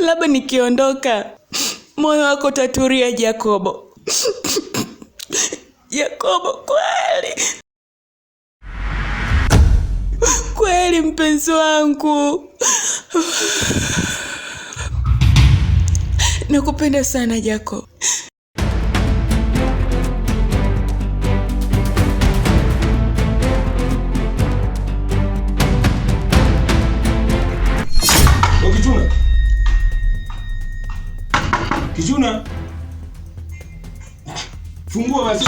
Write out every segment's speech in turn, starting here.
labda nikiondoka moyo wako utaturia Jakobo. Jakobo, kweli kweli, mpenzi wangu nakupenda sana Jakobo. Kichuna, fungua basi.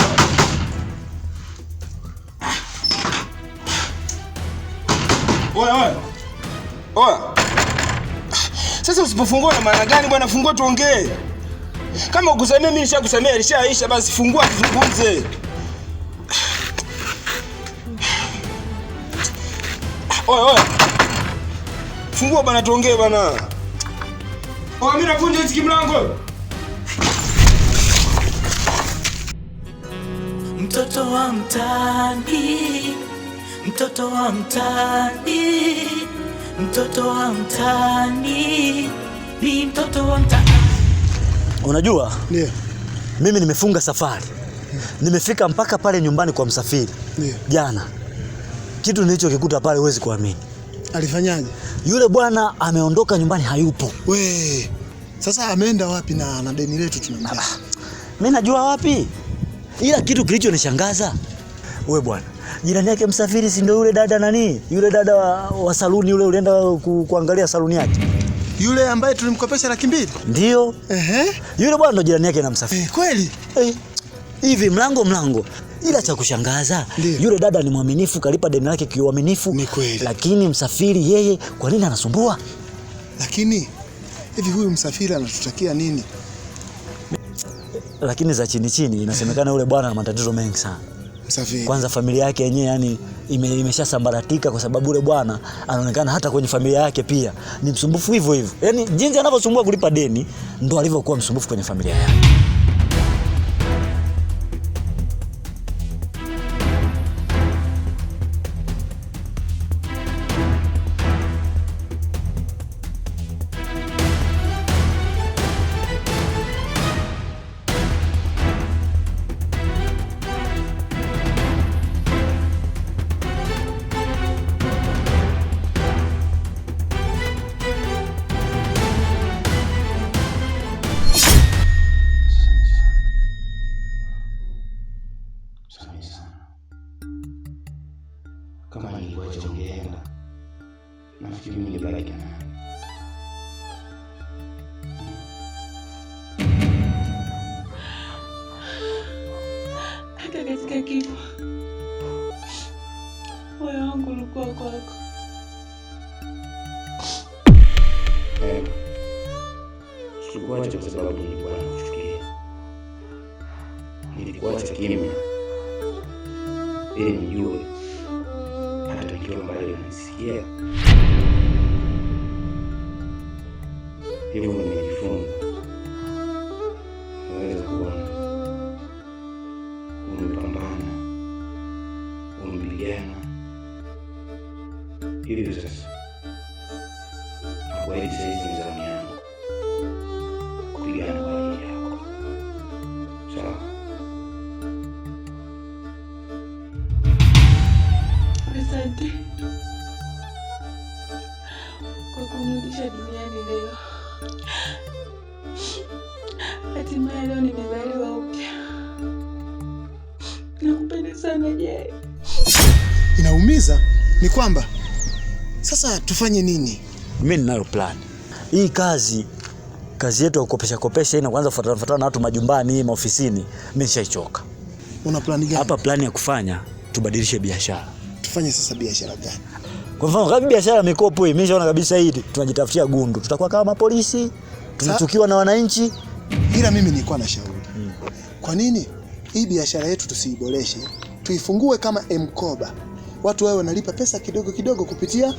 Oya, oya. Oya. Sasa usipofungua na maana gani bwana? Fungua tuongee. Kama ukusamea mimi nishakusamea, ilishaisha basi, fungua tuzungumze. Oya, oya. Fungua bwana tuongee bwana. Oya, mimi nafunja hichi kimlango. Mtoto wa mtaani, mtoto wa mtaani, mtoto wa mtaani ni mtoto wa mtaani. Unajua? Ndio. Mimi nimefunga safari. Nimefika mpaka pale nyumbani kwa msafiri. Ndio. Jana. Kitu nilichokikuta pale huwezi kuamini. Alifanyaje? Yule bwana ameondoka nyumbani hayupo. We. Sasa ameenda wapi na na deni letu tunamjua? Ah, mimi najua wapi? ila kitu kilichonishangaza we bwana, jirani yake Msafiri, si ndio yule dada nani, yule dada wa, wa saluni yule, ulienda ku, kuangalia saluni yake yule ambaye tulimkopesha laki mbili ndio. Ehe, yule bwana ndo jirani yake na Msafiri. Eh, kweli eh, hivi mlango mlango. Ila cha kushangaza yule dada ni mwaminifu, kalipa deni lake kiuaminifu, lakini Msafiri yeye kwa nini anasumbua? Lakini hivi huyu Msafiri anatutakia nini? lakini za chini chini inasemekana yule bwana ana matatizo mengi sana. Safi. Kwanza familia yake yenyewe yani ime, imeshasambaratika kwa sababu yule bwana anaonekana hata kwenye familia yake pia ni msumbufu hivyo hivyo. Yaani jinsi anavyosumbua kulipa deni ndo alivyokuwa msumbufu kwenye familia yake. katika kifo, moyo wangu ulikuwa kwako. Eh, sikuacha kwa sababu nilikuwa nakuchukia, nilikuacha kimya ili nijue hata ikiwa mbali unanisikia hivyo then uses of late seasons Sasa tufanye nini? Mimi ninayo plan. Hii kazi kazi yetu ya kukopesha kopesha ina kwanza kuanza kufuatana fuatana na watu majumbani, maofisini, mimi nishaichoka. Una plan gani? Hapa plan ya kufanya tubadilishe biashara. Tufanye sasa biashara gani? Kwa mfano kama biashara mikopo hii, mimi naona kabisa hii tunajitafutia gundu. Tutakuwa kama mapolisi, tunachukiwa na wananchi. Ila mimi nilikuwa na shauri. Hmm. Kwa nini hii biashara yetu tusiiboreshe? Tuifungue kama Mkoba. Watu wawe wanalipa pesa kidogo kidogo kupitia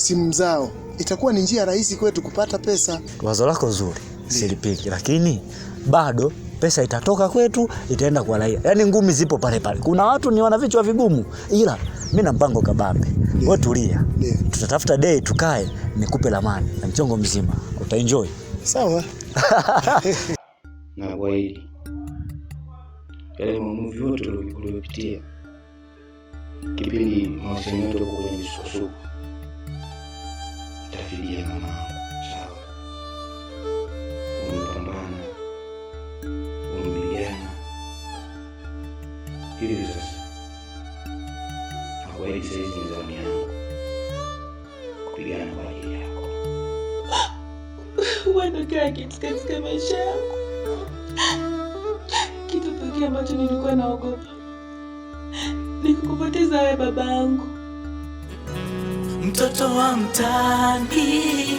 simu zao, itakuwa ni njia rahisi kwetu kupata pesa. Wazo lako zuri, silipiki, lakini bado pesa itatoka kwetu, itaenda kwa raia. Yaani ngumi zipo pale pale. Kuna watu ni wana vichwa vigumu, ila mimi na mpango kabambe. Wewe tulia, tutatafuta day tukae, nikupe lamani na mchongo mzima, utaenjoy. Sawa. na hili yale maumivu yote uliopitia kipindi mawasiliano yetu kwenye misukosuko kufidia mwanangu, sawa? Umepambana, umepigana. Hivi sasa saizi ni zamu yangu kupigana kwa ajili yako. kitu katika maisha yako, kitu pekee ambacho nilikuwa naogopa nikukupoteza wewe, baba yangu. Mtoto wa mtaani,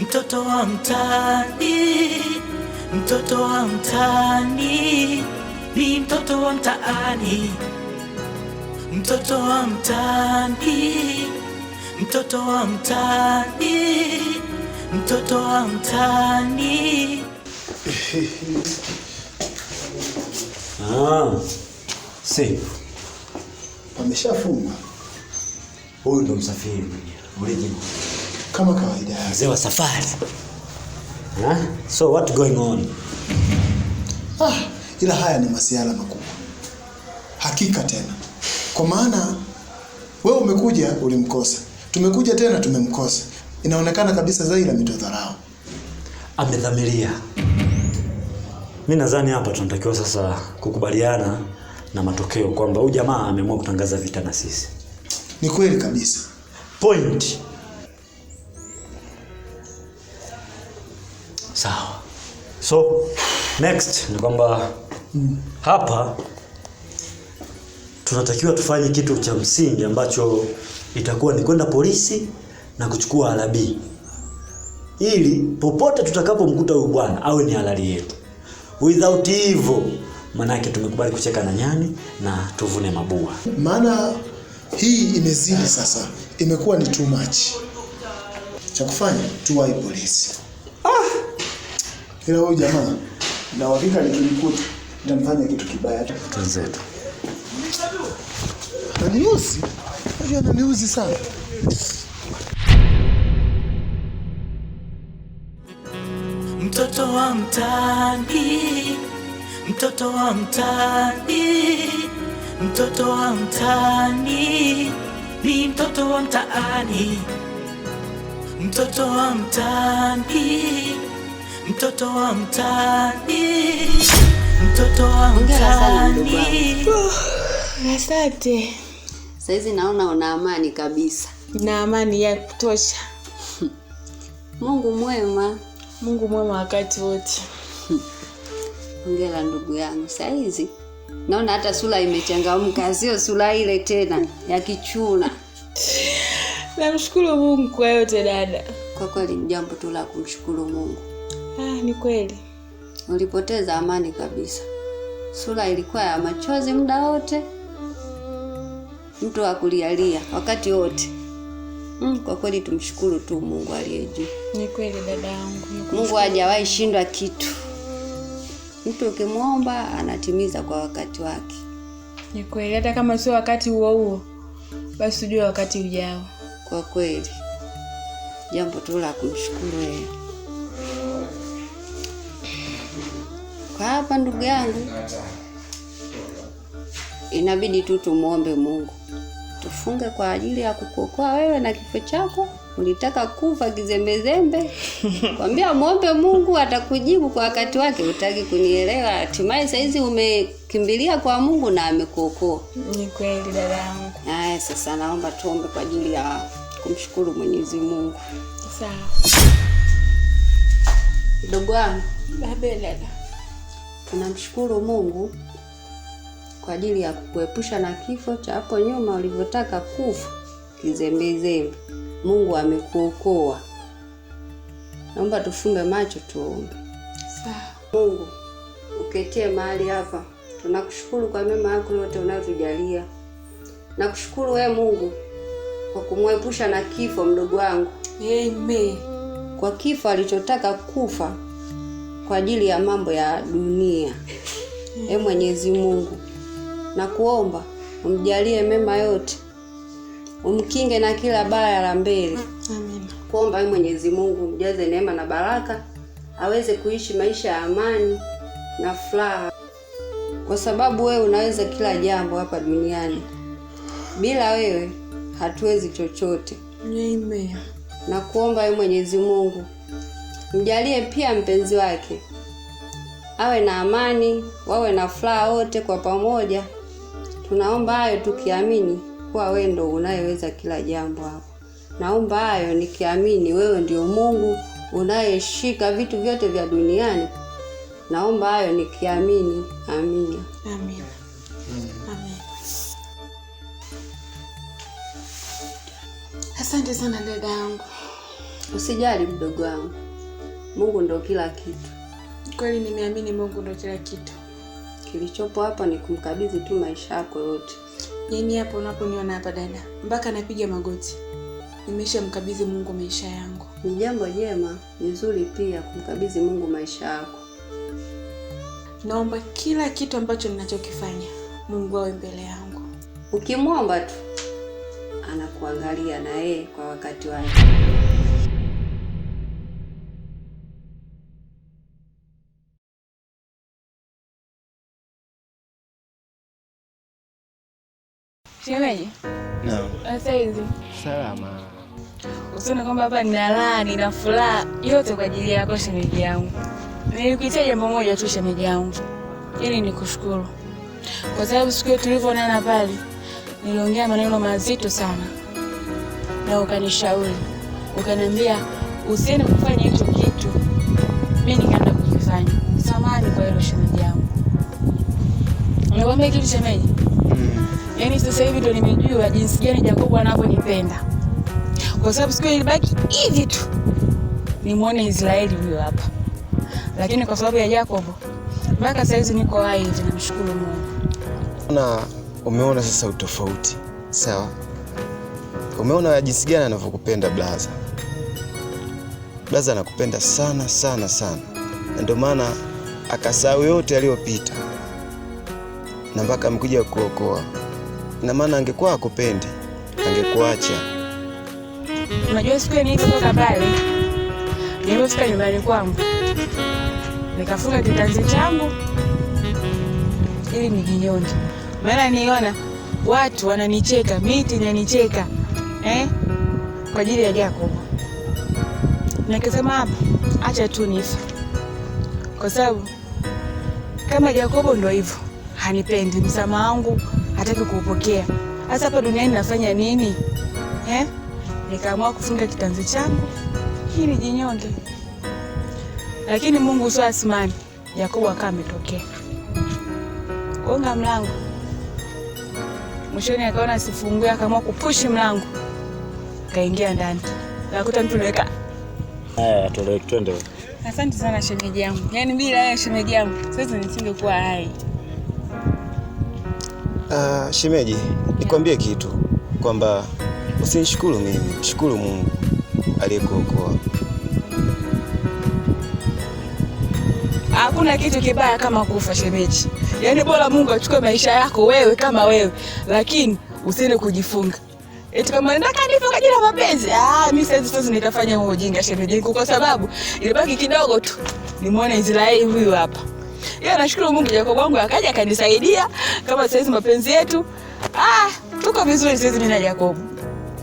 mtoto wa mtaani, mtoto wa mtaani ni mtoto wa mtaani, mtoto wa mtaani, mtoto wa mtaani, mtoto wa mtaani. Ah, safe. Pameshafungwa. Huyu ndo msafiri mwenyewe kama kawaida, mzee wa safari. So what going on? Ah, ila haya ni masiala makubwa hakika tena, kwa maana wewe umekuja ulimkosa, tumekuja tena tumemkosa. Inaonekana kabisa Zaira ametudharau, amedhamiria. Mi nadhani hapa tunatakiwa sasa kukubaliana na matokeo kwamba huyu jamaa ameamua kutangaza vita na sisi. Ni kweli kabisa. Point. Sawa. So next ni kwamba mm, hapa tunatakiwa tufanye kitu cha msingi ambacho itakuwa ni kwenda polisi na kuchukua alabi, ili popote tutakapomkuta huyu bwana awe ni halali yetu. Without hivyo, maanake tumekubali kucheka na nyani na tuvune mabua maana hii imezidi sasa, imekuwa ni too much. Cha kufanya tuwai polisi. Ah, ila huyu jamaa na hakika nikimkuta nitamfanya kitu kibaya. tu. Twenzetu ananiuzi, ananiuzi sana. Mtoto wa mtaani, mtoto wa mtaani Mtoto wa mtaani ni mtoto wa mtaani, mtoto wa mtaani, mtoto wa mtaani, mtoto wa mtaani. Asante. Saizi naona una amani kabisa. Na amani ya kutosha. Mungu mwema. Mungu mwema wakati wote. Hongera ndugu yangu. Saizi Naona hata sura imechangamka, sio sura ile tena ya kichuna. Namshukuru Mungu kwa yote dada. Kwa kweli ni jambo tu la kumshukuru Mungu. Ah, ni kweli ulipoteza amani kabisa, sura ilikuwa ya machozi muda wote, mtu akulialia kulialia wakati wote. Mm, kwa kweli tumshukuru tu Mungu aliye juu. Ni kweli dadangu, Mungu hajawahi shindwa kitu. Mtu ukimwomba anatimiza kwa wakati wake. Ni kweli, hata kama sio wakati huo huo, basi ujue wakati ujao. Kwa kweli, jambo tu la kumshukuru yeye. Kwa hapa, ndugu yangu, inabidi tu tumwombe Mungu, tufunge kwa ajili ya kukuokoa wewe na kifo chako Ulitaka kufa kizembezembe? Kwambia mwombe Mungu atakujibu kwa wakati wake. Utaki kunielewa? Hatimaye saizi umekimbilia kwa Mungu na amekuokoa. Ni kweli yangu. Haya, sasa naomba tuombe kwa ajili ya kumshukuru Mwenyezi Mungu. Sawa. Mdogo wangu, tunamshukuru Mungu kwa ajili ya kukuepusha na kifo cha hapo nyuma ulivyotaka kufa kizembezembe. Mungu amekuokoa. Naomba tufumbe macho tuombe. Sawa. Mungu uketie mahali hapa, tunakushukuru kwa mema yako yote unayotujalia. Nakushukuru we Mungu kwa kumwepusha na kifo mdogo wangu, amen, kwa kifo alichotaka kufa kwa ajili ya mambo ya dunia. E Mwenyezi Mungu, nakuomba umjalie mema yote umkinge na kila baya la mbele. Mm, amen. Kuomba Mwenyezi Mungu mjaze neema na baraka, aweze kuishi maisha ya amani na furaha, kwa sababu wewe unaweza kila jambo hapa duniani. Bila wewe hatuwezi chochote. Amen. Na kuomba wewe Mwenyezi Mungu mjalie pia mpenzi wake awe na amani, wawe na furaha wote kwa pamoja. Tunaomba hayo tukiamini kuwa wewe ndio unayeweza kila jambo hapo. Naomba hayo nikiamini wewe ndio Mungu unayeshika vitu vyote vya duniani. Naomba hayo nikiamini. Amina. Hmm. Amina. Asante sana dada yangu. Usijali mdogo wangu, Mungu ndo kila kitu. Kweli nimeamini Mungu ndo kila kitu. Kilichopo hapa ni kumkabidhi tu maisha yako yote. Yaani hapa unaponiona hapa dada, mpaka napiga magoti. mkabidhi Mungu maisha yangu. Ni jambo jema, ni zuri pia kumkabidhi Mungu maisha yako. Naomba kila kitu ambacho ninachokifanya Mungu awe mbele yangu. Ukimwomba tu anakuangalia na yeye kwa wakati wake. Shemeji, saizi salama? Usione kwamba hapa nina raha, nina furaha yote kwa ajili yako shemeji yangu. Nilikuitia jambo moja tu shemeji yangu, ili nikushukuru kwa sababu siku tulivyoonana pale niliongea maneno mazito sana, na ukanishauri ukaniambia usiende kufanya hicho kitu. Mimi nikaenda kukifanya. Samahani kwa hilo shemeji yangu. Nakwambia kitu shemeji. Mm yani sasa hivi ndo nimejua jinsi gani Jacob anavyonipenda, kwa sababu siku ilibaki hivi tu nimwone Israeli huyo hapa, lakini kwa sababu ya Jacob mpaka sasa hizi niko hai hivi, namshukuru Mungu. Na umeona sasa utofauti, sawa? Umeona jinsi gani anavyokupenda blaza. Blaza anakupenda sana sana sana, na ndio maana akasahau yote aliyopita na mpaka amekuja kuokoa ina maana angekuwa akupendi, angekuacha. Unajua, siku nilipotoka pale, nilipofika nyumbani kwangu nikafunga kitanzi changu ili nijinyonge, maana niona watu wananicheka, miti inanicheka eh, kwa ajili ya Jacob. Nikasema hapa, acha tu nifa, kwa sababu kama Jacob ndo hivyo hanipendi, msamaha wangu hataki kuupokea. Hasa hapa duniani nafanya nini eh? Nikaamua kufunga kitanzi changu, hii ni jinyonge, lakini Mungu uso asimani. Yakobo akawa ametokea kuunga mlango, mwishoni akaona asifungue, akaamua kupushi mlango, kaingia ndani, nakuta mtu naweka haya. Twende. Asante sana shemeji yangu, yaani bila ya shemeji yangu sasa nisingekuwa hai. Uh, shemeji, nikwambie kitu kwamba usinishukuru mimi, mshukuru Mungu aliyekuokoa. Hakuna kitu kibaya kama kufa shemeji, yaani bora Mungu achukue maisha yako wewe kama wewe, lakini usiende kujifunga eti kama nataka nife kwa ajili ya mapenzi. Ah, mimi hizo siwezi nitafanya huo ujinga shemeji, kwa sababu ilibaki kidogo tu nimwone Israeli huyu hapa. Yeye nashukuru Mungu Jacob wangu akaja akanisaidia kama saizi mapenzi yetu. Ah, tuko vizuri saizi mimi na Jacob.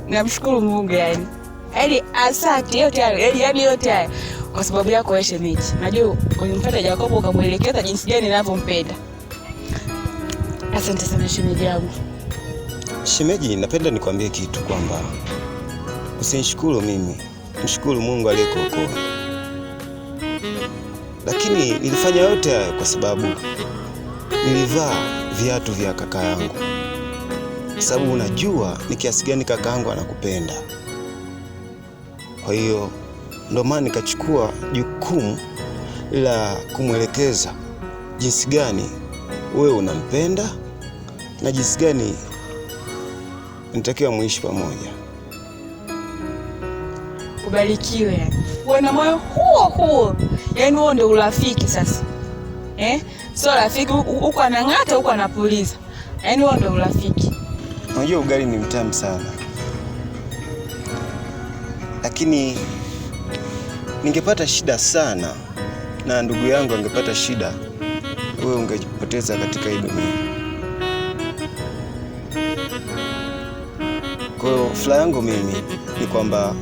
Namshukuru Mungu yani. Yaani asante yote yale, yaani yani yote haya kwa sababu yako wewe shemeji. Najua ulimpata Jacob ukamuelekeza jinsi gani ninavyompenda. Asante sana shemeji yangu. Shemeji, napenda nikwambie kitu kwamba usinishukuru mimi, mshukuru Mungu aliyekuokoa lakini nilifanya yote hayo kwa sababu nilivaa viatu vya kaka yangu, sababu unajua ni kiasi gani kaka yangu anakupenda. Kwa hiyo ndo maana nikachukua jukumu la kumwelekeza jinsi gani wewe unampenda na jinsi gani nitakiwa muishi pamoja. Ubarikiwe, wana moyo huo huo. Yaani huo ndio urafiki sasa eh? Sio rafiki, huko anang'ata, huko anapuliza. Yaani huo ndio urafiki. Unajua ugali ni mtamu sana, lakini ningepata shida sana na ndugu yangu angepata shida, wewe ungejipoteza katika hii dunia. Kwa hiyo furaha yangu mimi ni kwamba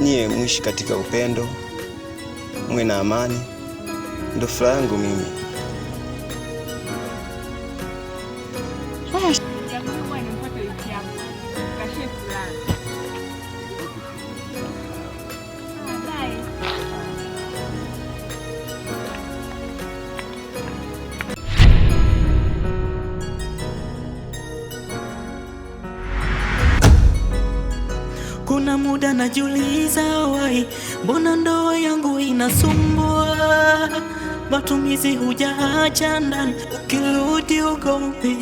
nyie mwishi katika upendo mwe na amani. Ndo furaha yangu mimi. Kuna muda najiuliza, wai, mbona ndoa yangu inasumbua? Matumizi hujaacha ndani, ukirudi ugomvi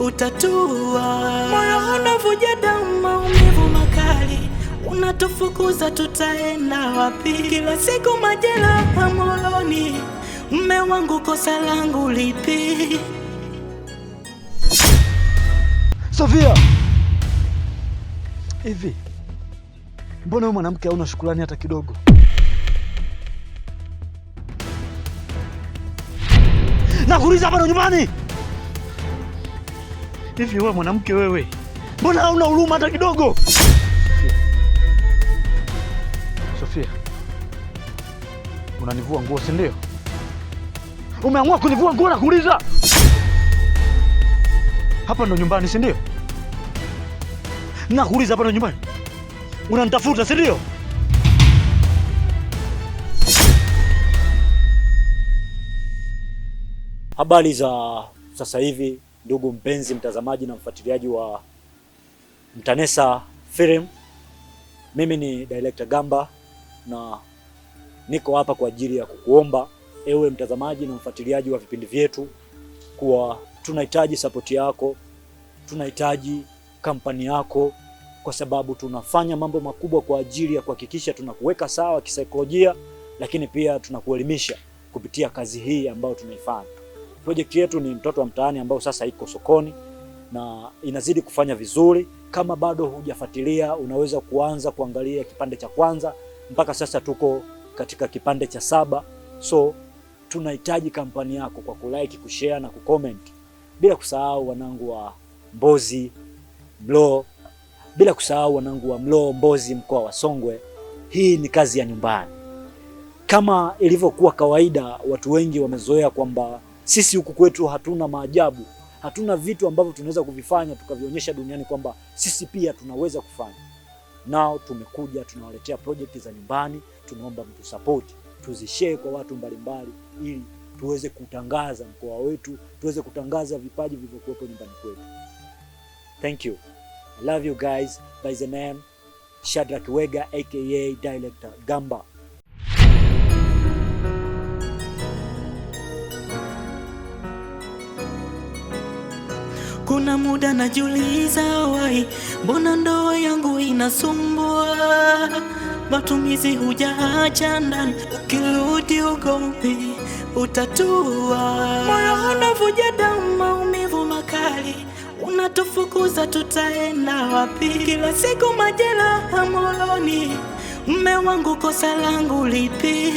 utatua. Moyo unavuja damu, maumivu makali, unatufukuza tutaenda wapi? Kila siku majeraha moyoni, mme wangu, kosa langu lipi? Sofia, hivi Mbona wewe mwanamke hauna shukrani hata kidogo? Nakuuliza hapa nyumbani. Hivi wewe mwanamke wewe, mbona hauna huruma hata kidogo? Sofia, unanivua nguo si ndio? Umeamua kunivua nguo na kuuliza hapa ndo nyumbani si ndio? Nakuuliza hapa ndo nyumbani unanitafuta si ndio? Habari za sasa hivi, ndugu mpenzi mtazamaji na mfuatiliaji wa Mtanesa Film. Mimi ni Director Gamba na niko hapa kwa ajili ya kukuomba ewe mtazamaji na mfuatiliaji wa vipindi vyetu kuwa tunahitaji sapoti yako, tunahitaji kampani yako kwa sababu tunafanya mambo makubwa kwa ajili ya kuhakikisha tunakuweka sawa kisaikolojia, lakini pia tunakuelimisha kupitia kazi hii ambayo tunaifanya. Projekti yetu ni mtoto wa mtaani ambao sasa iko sokoni na inazidi kufanya vizuri. Kama bado hujafuatilia, unaweza kuanza kuangalia kipande cha kwanza mpaka sasa tuko katika kipande cha saba. So tunahitaji kampani yako kwa kulike, kushare na kucomment, bila kusahau wanangu wa Mbozi Mlo bila kusahau wanangu wa Mloo, Mbozi, mkoa wa Songwe. Hii ni kazi ya nyumbani. Kama ilivyokuwa kawaida, watu wengi wamezoea kwamba sisi huku kwetu hatuna maajabu, hatuna vitu ambavyo tunaweza kuvifanya tukavionyesha duniani kwamba sisi pia tunaweza kufanya. Nao tumekuja tunawaletea project za nyumbani, tunaomba mtu support, tuzishare kwa watu mbalimbali, ili tuweze kutangaza mkoa wetu, tuweze kutangaza vipaji vilivyokuwepo nyumbani kwetu. Thank you love you guys by the name Shadrack Wega aka Director Gamba. Kuna muda najiuliza wai, mbona ndoa yangu inasumbua? Matumizi hujaacha ndani, ukirudi ugomvi utatua, moyo unavuja damu mnatufukuza tutaenda wapi? Kila siku majeraha moyoni, mme wangu kosa langu lipi?